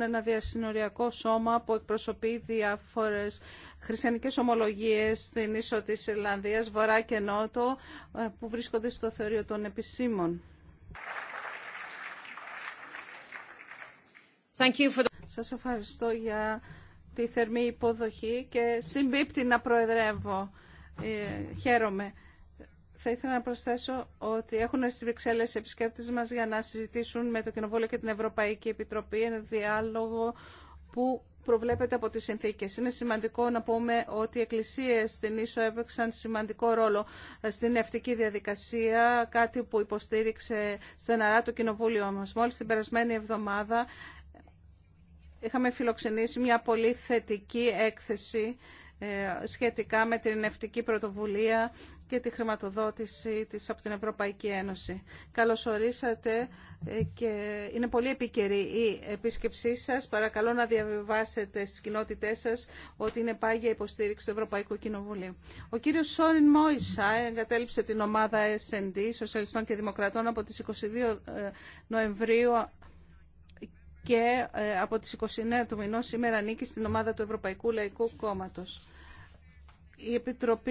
ένα διασυνοριακό σώμα που εκπροσωπεί διάφορες χριστιανικές ομολογίες στην ίσο της Ιρλανδίας, βορρά και νότο, ε, που βρίσκονται στο θεωρείο των επισήμων. Σα Σας ευχαριστώ για τη θερμή υποδοχή και συμπίπτει να προεδρεύω. Ε, χαίρομαι. Θα ήθελα να προσθέσω ότι έχουν στι Βρυξέλλε επισκέπτε μα για να συζητήσουν με το Κοινοβούλιο και την Ευρωπαϊκή Επιτροπή ένα διάλογο που προβλέπεται από τις συνθήκες. Είναι σημαντικό να πούμε ότι οι εκκλησίες στην Ίσο έπαιξαν σημαντικό ρόλο στην ευτική διαδικασία, κάτι που υποστήριξε στεναρά το Κοινοβούλιο μας. Μόλις την περασμένη εβδομάδα είχαμε φιλοξενήσει μια πολύ θετική έκθεση ε, σχετικά με την ενευτική πρωτοβουλία και τη χρηματοδότηση της από την Ευρωπαϊκή Ένωση. Καλώς ορίσατε ε, και είναι πολύ επίκαιρη η επίσκεψή σας. Παρακαλώ να διαβιβάσετε στις κοινότητές σας ότι είναι πάγια υποστήριξη του Ευρωπαϊκού Κοινοβουλίου. Ο κύριος Σόριν Μόισα εγκατέλειψε την ομάδα S&D, Σοσιαλιστών και Δημοκρατών, από τις 22 ε, Νοεμβρίου και ε, από τις 29 του μηνός σήμερα ανήκει στην ομάδα του Ευρωπαϊκού Λαϊκού Κόμματος. Η Επιτροπή